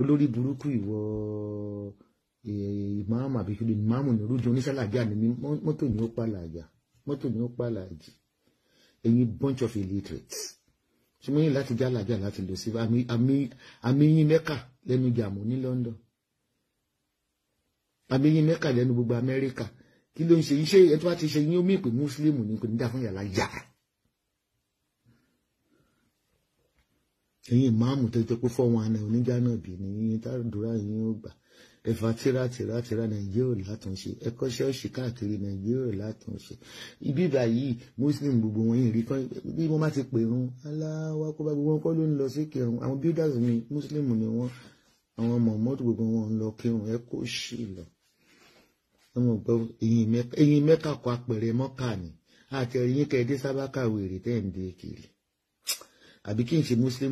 olórí burúkú ìwọ ìmáàmù àbí kíló ìmáàmù ní orújọ oníṣàlàjà ni mí mọ́tò ni ó pààlà àjà mọ́tò ni ó pààlà àjì ẹ̀yin bunch of illiterates tí mo ní láti jálàjà láti lò sí àmì yín mẹ́kà lẹ́nu jàmù ní London àmì yín mẹ́kà lẹ́nu gbogbo Amẹ́ríkà kí ló ń ṣe iṣẹ́ ẹ̀ tó bá ti ṣe yín ó mí pé muslim ní kò ní dá fún yàrá yàrá. ẹ̀yin ìmáàmù tó jẹ́ pé four one oníjà náà bì ní yín tàdúrà yín ó gbà ẹ̀fà tírátírátíra nàìjíríà látúnṣe ẹ̀kọ́ ṣọ́ọ̀ṣì káàkiri nàìjíríà látúnṣe ibi báyìí muslim gbogbo wọn yìí rí kan bí wọ́n bá ti pè run aláwa kó bá gbogbo wọn kọ́ ló ń lọ sí kírun àwọn builders mi muslim ni wọ́n àwọn mọ̀mọ́tò gbogbo wọn ń lọ kírun ẹ kó ṣì lọ. ẹ̀yin mẹ́ka kọ apẹ̀rẹ̀ mọ́kà ni àti ẹ̀yin kẹ́ẹ̀dé sábà kàwé rè tẹ́ kiri àbí kí n ṣe muslim.